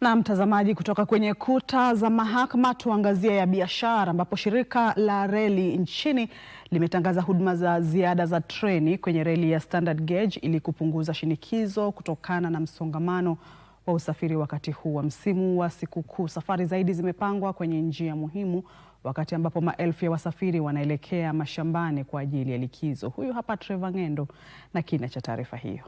Na mtazamaji, kutoka kwenye kuta za mahakama tuangazie ya biashara, ambapo shirika la reli nchini limetangaza huduma za ziada za treni kwenye reli ya standard gauge ili kupunguza shinikizo kutokana na msongamano wa usafiri wakati huu wa msimu wa sikukuu. Safari zaidi zimepangwa kwenye njia muhimu, wakati ambapo maelfu ya wasafiri wanaelekea mashambani kwa ajili ya likizo. Huyu hapa Trevor Ng'endo na kina cha taarifa hiyo.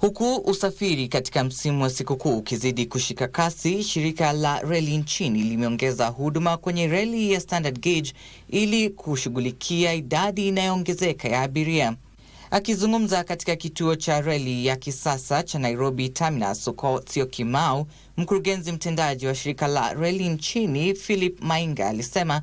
Huku usafiri katika msimu wa sikukuu ukizidi kushika kasi, shirika la reli nchini limeongeza huduma kwenye reli ya standard gauge ili kushughulikia idadi inayoongezeka ya abiria. Akizungumza katika kituo cha reli ya kisasa cha Nairobi Terminus huko Syokimau, mkurugenzi mtendaji wa shirika la reli nchini Philip Mainga alisema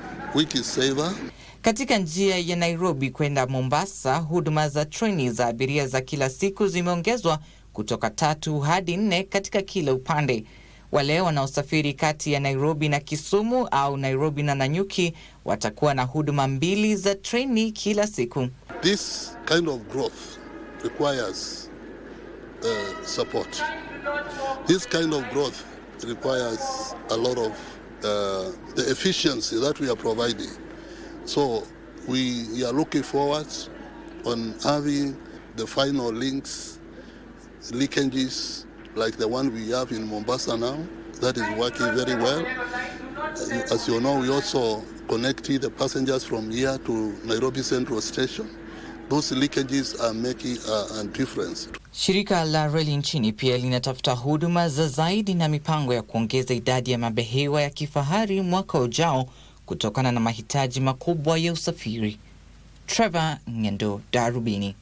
wiki saver. katika njia ya Nairobi kwenda Mombasa, huduma za treni za abiria za kila siku zimeongezwa kutoka tatu hadi nne katika kila upande. Wale wanaosafiri kati ya Nairobi na Kisumu au Nairobi na Nanyuki watakuwa na huduma mbili za treni kila siku. This kind of growth requires, uh, support. This kind of growth requires a lot of uh, the efficiency that we are providing. So we, we are looking forward on having the final links, leakages like the one we have in Mombasa now. That is working very well. As you know, we also connected the passengers from here to Nairobi Central Station. Those leakages are making a difference. Shirika la reli nchini pia linatafuta huduma za zaidi na mipango ya kuongeza idadi ya mabehewa ya kifahari mwaka ujao kutokana na mahitaji makubwa ya usafiri. Trevor Ngendo, Darubini.